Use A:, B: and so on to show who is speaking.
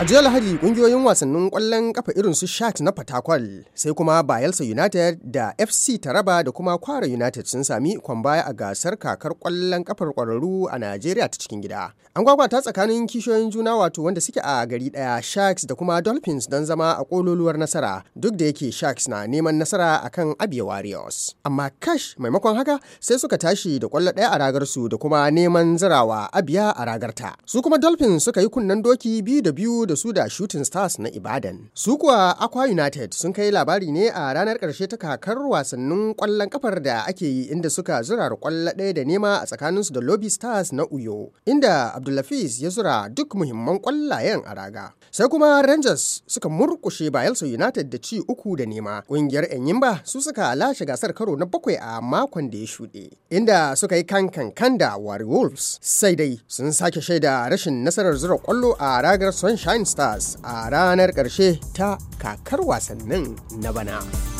A: A jiya Lahadi kungiyoyin wasannin kwallon kafa irin su Shat na Fatakwal sai kuma Bayelsa United da FC Taraba da kuma Kwara United sun sami kwambaya a gasar kakar kwallon kafar kwararru a Najeriya ta cikin gida. An gwagwata tsakanin kishiyoyin juna wato wanda suke a gari daya Sharks da kuma Dolphins don zama a kololuwar nasara duk da yake Sharks na neman nasara akan Abia Warriors. Amma kash maimakon haka sai suka tashi da kwallo daya a ragar su da kuma neman zirawa Abia a ragarta. Su kuma Dolphins suka yi kunnen doki biyu da biyu da su da Shooting Stars na Ibadan. Su kuwa Aqua United sun kai labari ne a ranar karshe ta kakar wasannin kwallon kafar da ake yi inda suka zura kwallo ɗaya da nema a tsakanin su da Lobby Stars na Uyo, inda Abdulafiz ya zura duk muhimman kwallayen a raga. Sai kuma Rangers suka murƙushe Bayelsa United da ci uku da nema. Ƙungiyar Enyimba su suka lashe gasar karo na bakwai a makon da ya shuɗe, inda suka yi kankan da Wari Wolves. Sai dai sun sake shaida rashin nasarar zura kwallo a ragar Sunshine Flying Stars a ranar ƙarshe ta kakar wasannin na bana.